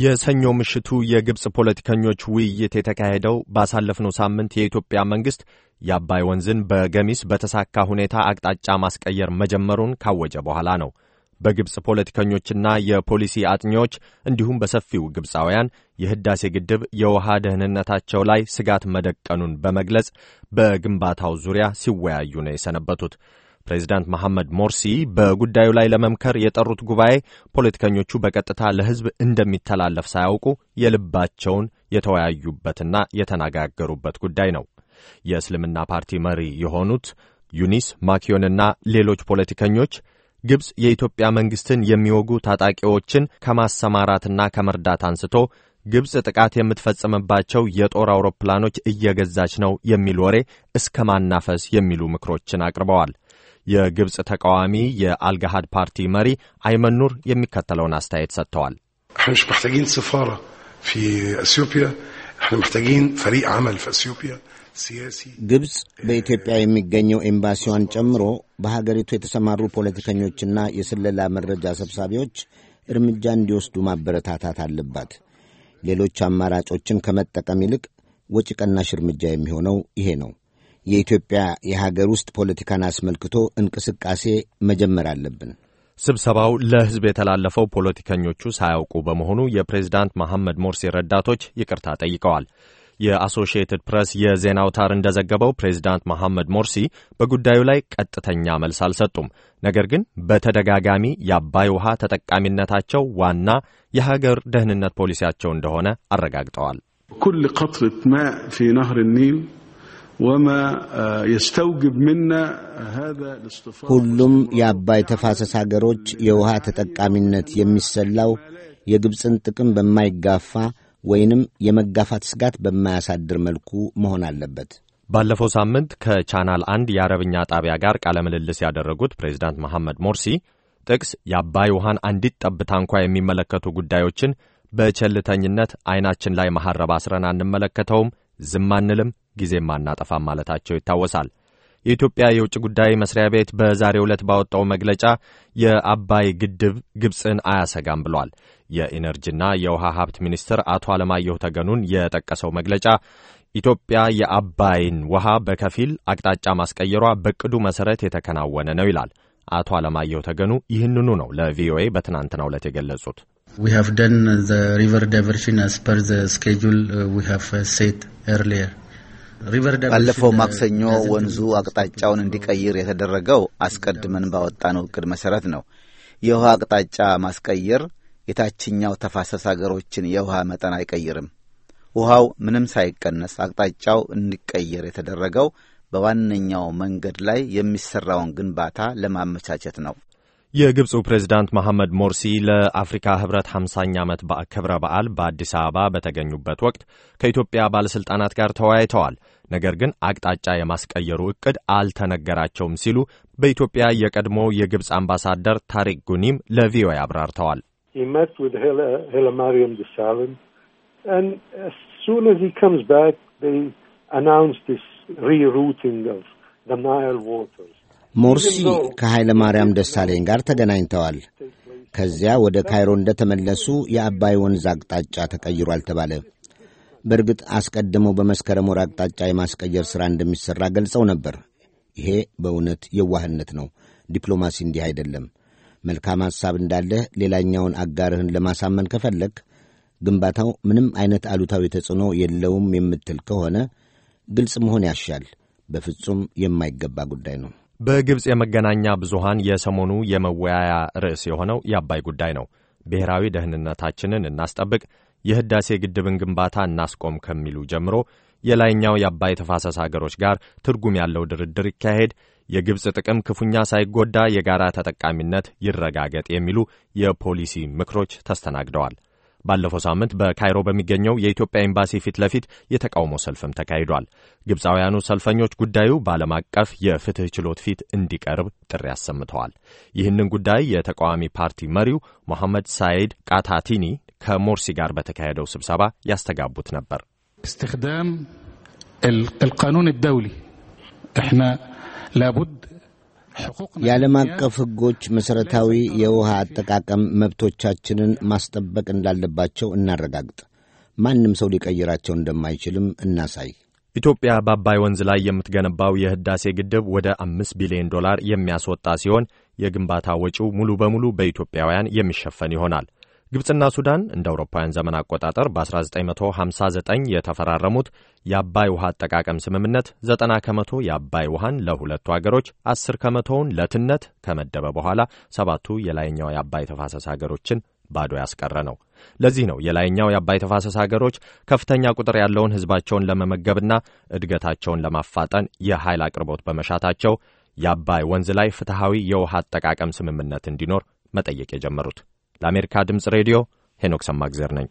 የሰኞ ምሽቱ የግብፅ ፖለቲከኞች ውይይት የተካሄደው ባሳለፍነው ሳምንት የኢትዮጵያ መንግሥት የአባይ ወንዝን በገሚስ በተሳካ ሁኔታ አቅጣጫ ማስቀየር መጀመሩን ካወጀ በኋላ ነው። በግብፅ ፖለቲከኞችና የፖሊሲ አጥኚዎች እንዲሁም በሰፊው ግብፃውያን የህዳሴ ግድብ የውሃ ደህንነታቸው ላይ ስጋት መደቀኑን በመግለጽ በግንባታው ዙሪያ ሲወያዩ ነው የሰነበቱት። ፕሬዚዳንት መሐመድ ሞርሲ በጉዳዩ ላይ ለመምከር የጠሩት ጉባኤ ፖለቲከኞቹ በቀጥታ ለሕዝብ እንደሚተላለፍ ሳያውቁ የልባቸውን የተወያዩበትና የተነጋገሩበት ጉዳይ ነው። የእስልምና ፓርቲ መሪ የሆኑት ዩኒስ ማኪዮንና ሌሎች ፖለቲከኞች ግብፅ የኢትዮጵያ መንግሥትን የሚወጉ ታጣቂዎችን ከማሰማራትና ከመርዳት አንስቶ ግብፅ ጥቃት የምትፈጽምባቸው የጦር አውሮፕላኖች እየገዛች ነው የሚል ወሬ እስከ ማናፈስ የሚሉ ምክሮችን አቅርበዋል። የግብፅ ተቃዋሚ የአልጋሃድ ፓርቲ መሪ አይመን ኑር የሚከተለውን አስተያየት ሰጥተዋል። ግብፅ በኢትዮጵያ የሚገኘው ኤምባሲዋን ጨምሮ በሀገሪቱ የተሰማሩ ፖለቲከኞችና የስለላ መረጃ ሰብሳቢዎች እርምጃ እንዲወስዱ ማበረታታት አለባት። ሌሎች አማራጮችን ከመጠቀም ይልቅ ወጪ ቀናሽ እርምጃ የሚሆነው ይሄ ነው። የኢትዮጵያ የሀገር ውስጥ ፖለቲካን አስመልክቶ እንቅስቃሴ መጀመር አለብን። ስብሰባው ለሕዝብ የተላለፈው ፖለቲከኞቹ ሳያውቁ በመሆኑ የፕሬዝዳንት መሐመድ ሞርሲ ረዳቶች ይቅርታ ጠይቀዋል። የአሶሺየትድ ፕሬስ የዜና አውታር እንደዘገበው ፕሬዚዳንት መሐመድ ሞርሲ በጉዳዩ ላይ ቀጥተኛ መልስ አልሰጡም። ነገር ግን በተደጋጋሚ የአባይ ውሃ ተጠቃሚነታቸው ዋና የሀገር ደህንነት ፖሊሲያቸው እንደሆነ አረጋግጠዋል። ኩል ቀጥረት ማ ፊ ነህር ኒል ሁሉም የአባይ ተፋሰስ አገሮች የውሃ ተጠቃሚነት የሚሰላው የግብፅን ጥቅም በማይጋፋ ወይንም የመጋፋት ስጋት በማያሳድር መልኩ መሆን አለበት። ባለፈው ሳምንት ከቻናል አንድ የአረብኛ ጣቢያ ጋር ቃለ ምልልስ ያደረጉት ፕሬዚዳንት መሐመድ ሞርሲ ጥቅስ የአባይ ውሃን አንዲት ጠብታ እንኳ የሚመለከቱ ጉዳዮችን በቸልተኝነት ዐይናችን ላይ መሐረብ አስረን አንመለከተውም፣ ዝም አንልም ጊዜም አናጠፋም ማለታቸው ይታወሳል። የኢትዮጵያ የውጭ ጉዳይ መስሪያ ቤት በዛሬው ዕለት ባወጣው መግለጫ የአባይ ግድብ ግብፅን አያሰጋም ብሏል። የኢነርጂና የውሃ ሀብት ሚኒስትር አቶ አለማየሁ ተገኑን የጠቀሰው መግለጫ ኢትዮጵያ የአባይን ውሃ በከፊል አቅጣጫ ማስቀየሯ በቅዱ መሰረት የተከናወነ ነው ይላል። አቶ አለማየሁ ተገኑ ይህንኑ ነው ለቪኦኤ በትናንትናው ዕለት የገለጹት። We have done the river diversion ባለፈው ማክሰኞ ወንዙ አቅጣጫውን እንዲቀይር የተደረገው አስቀድመን ባወጣነው እቅድ መሠረት ነው። የውሃ አቅጣጫ ማስቀየር የታችኛው ተፋሰስ አገሮችን የውሃ መጠን አይቀይርም። ውሃው ምንም ሳይቀነስ አቅጣጫው እንዲቀየር የተደረገው በዋነኛው መንገድ ላይ የሚሠራውን ግንባታ ለማመቻቸት ነው። የግብፁ ፕሬዝዳንት መሐመድ ሞርሲ ለአፍሪካ ህብረት 5 ኛ ዓመት ክብረ በዓል በአዲስ አበባ በተገኙበት ወቅት ከኢትዮጵያ ባለሥልጣናት ጋር ተወያይተዋል። ነገር ግን አቅጣጫ የማስቀየሩ ዕቅድ አልተነገራቸውም ሲሉ በኢትዮጵያ የቀድሞ የግብፅ አምባሳደር ታሪክ ጉኒም ለቪኦኤ አብራርተዋል። ደሳለኝ ሪሩቲንግ ኦፍ ናይል ዋተርስ ሞርሲ ከኃይለ ማርያም ደሳለኝ ጋር ተገናኝተዋል። ከዚያ ወደ ካይሮ እንደተመለሱ የአባይ ወንዝ አቅጣጫ ተቀይሯል ተባለ። በእርግጥ አስቀድመው በመስከረም ወር አቅጣጫ የማስቀየር ሥራ እንደሚሠራ ገልጸው ነበር። ይሄ በእውነት የዋህነት ነው። ዲፕሎማሲ እንዲህ አይደለም። መልካም ሐሳብ እንዳለህ ሌላኛውን አጋርህን ለማሳመን ከፈለግ ግንባታው ምንም አይነት አሉታዊ ተጽዕኖ የለውም የምትል ከሆነ ግልጽ መሆን ያሻል። በፍጹም የማይገባ ጉዳይ ነው። በግብፅ የመገናኛ ብዙሃን የሰሞኑ የመወያያ ርዕስ የሆነው የአባይ ጉዳይ ነው። ብሔራዊ ደህንነታችንን እናስጠብቅ፣ የህዳሴ ግድብን ግንባታ እናስቆም ከሚሉ ጀምሮ የላይኛው የአባይ ተፋሰስ አገሮች ጋር ትርጉም ያለው ድርድር ይካሄድ፣ የግብፅ ጥቅም ክፉኛ ሳይጎዳ የጋራ ተጠቃሚነት ይረጋገጥ የሚሉ የፖሊሲ ምክሮች ተስተናግደዋል። ባለፈው ሳምንት በካይሮ በሚገኘው የኢትዮጵያ ኤምባሲ ፊት ለፊት የተቃውሞ ሰልፍም ተካሂዷል። ግብፃውያኑ ሰልፈኞች ጉዳዩ በዓለም አቀፍ የፍትህ ችሎት ፊት እንዲቀርብ ጥሪ አሰምተዋል። ይህንን ጉዳይ የተቃዋሚ ፓርቲ መሪው ሞሐመድ ሳይድ ቃታቲኒ ከሞርሲ ጋር በተካሄደው ስብሰባ ያስተጋቡት ነበር። استخدام القانون ደውሊ احنا ላቡድ የዓለም አቀፍ ሕጎች መሠረታዊ የውሃ አጠቃቀም መብቶቻችንን ማስጠበቅ እንዳለባቸው እናረጋግጥ። ማንም ሰው ሊቀይራቸው እንደማይችልም እናሳይ። ኢትዮጵያ በአባይ ወንዝ ላይ የምትገነባው የህዳሴ ግድብ ወደ አምስት ቢሊዮን ዶላር የሚያስወጣ ሲሆን የግንባታ ወጪው ሙሉ በሙሉ በኢትዮጵያውያን የሚሸፈን ይሆናል። ግብፅና ሱዳን እንደ አውሮፓውያን ዘመን አቆጣጠር በ1959 የተፈራረሙት የአባይ ውሃ አጠቃቀም ስምምነት 90 ከመቶ የአባይ ውሃን ለሁለቱ አገሮች 10 ከመቶውን ለትነት ከመደበ በኋላ ሰባቱ የላይኛው የአባይ ተፋሰስ አገሮችን ባዶ ያስቀረ ነው። ለዚህ ነው የላይኛው የአባይ ተፋሰስ አገሮች ከፍተኛ ቁጥር ያለውን ሕዝባቸውን ለመመገብና እድገታቸውን ለማፋጠን የኃይል አቅርቦት በመሻታቸው የአባይ ወንዝ ላይ ፍትሐዊ የውሃ አጠቃቀም ስምምነት እንዲኖር መጠየቅ የጀመሩት። ለአሜሪካ ድምፅ ሬዲዮ ሄኖክ ሰማግዘር ነኝ።